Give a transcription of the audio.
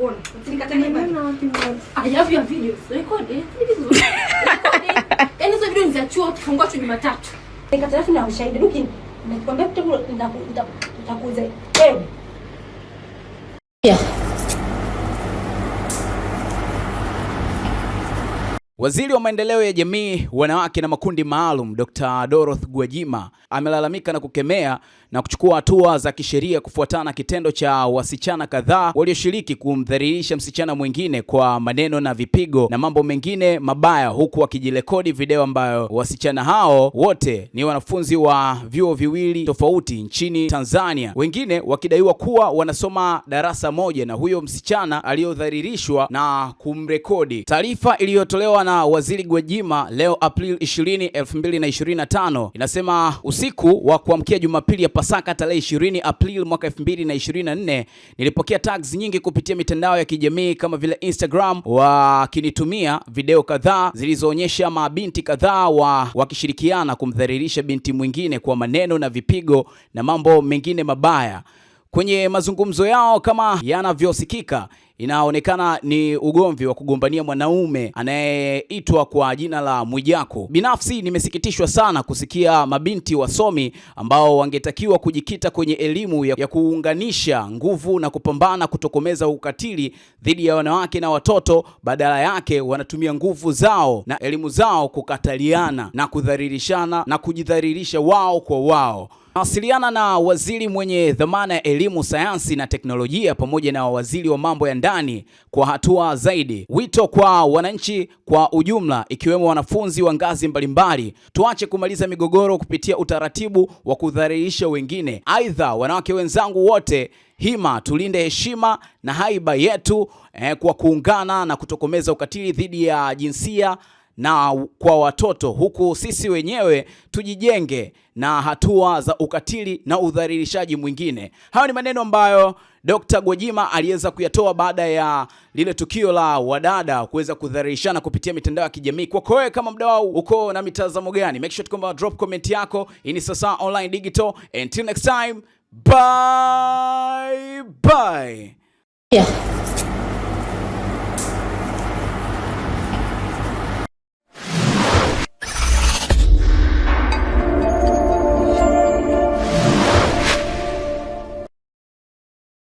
kuona. Usinikatalie mimi na wapi mwanzo. I have your videos. Record it. Record it. Yaani hizo video ni za chuo kifungua chuo Jumatatu. Nikatalia na ushahidi. Luki nikwambia kitabu nitakuuza. Eh. Yeah. Waziri wa maendeleo ya jamii, wanawake na makundi maalum, Dr. Dorothy Gwajima amelalamika na kukemea na kuchukua hatua za kisheria kufuatana na kitendo cha wasichana kadhaa walioshiriki kumdhalilisha msichana mwingine kwa maneno na vipigo na mambo mengine mabaya, huku wakijirekodi video ambayo wasichana hao wote ni wanafunzi wa vyuo viwili tofauti nchini Tanzania, wengine wakidaiwa kuwa wanasoma darasa moja na huyo msichana aliyodhalilishwa na kumrekodi. Taarifa iliyotolewa na Waziri Gwajima leo Aprili 20, 2025 inasema usiku wa kuamkia Jumapili ya Pasaka tarehe 20 Aprili mwaka 2024 nilipokea tags nyingi kupitia mitandao ya kijamii kama vile Instagram, wakinitumia video kadhaa zilizoonyesha mabinti kadhaa wa wakishirikiana kumdhalilisha binti mwingine kwa maneno na vipigo na mambo mengine mabaya. Kwenye mazungumzo yao kama yanavyosikika, inaonekana ni ugomvi wa kugombania mwanaume anayeitwa kwa jina la Mwijaku. Binafsi nimesikitishwa sana kusikia mabinti wasomi ambao wangetakiwa kujikita kwenye elimu ya kuunganisha nguvu na kupambana kutokomeza ukatili dhidi ya wanawake na watoto, badala yake wanatumia nguvu zao na elimu zao kukataliana na kudhalilishana na kujidhalilisha wao kwa wao. Amewasiliana na waziri mwenye dhamana ya elimu, sayansi na teknolojia pamoja na waziri wa mambo ya ndani kwa hatua zaidi. Wito kwa wananchi kwa ujumla, ikiwemo wanafunzi wa ngazi mbalimbali, tuache kumaliza migogoro kupitia utaratibu wa kudhalilisha wengine. Aidha, wanawake wenzangu wote hima tulinde heshima na haiba yetu eh, kwa kuungana na kutokomeza ukatili dhidi ya jinsia na kwa watoto, huku sisi wenyewe tujijenge na hatua za ukatili na udhalilishaji mwingine. Hayo ni maneno ambayo Dr. Gwajima aliweza kuyatoa baada ya lile tukio la wadada kuweza kudhalilishana kupitia mitandao ya kijamii. Kwako wewe kama mdau uko na mitazamo gani? Make sure tukomba drop comment yako. Hii ni Sasa Online Digital. Until next time, bye bye. Yeah.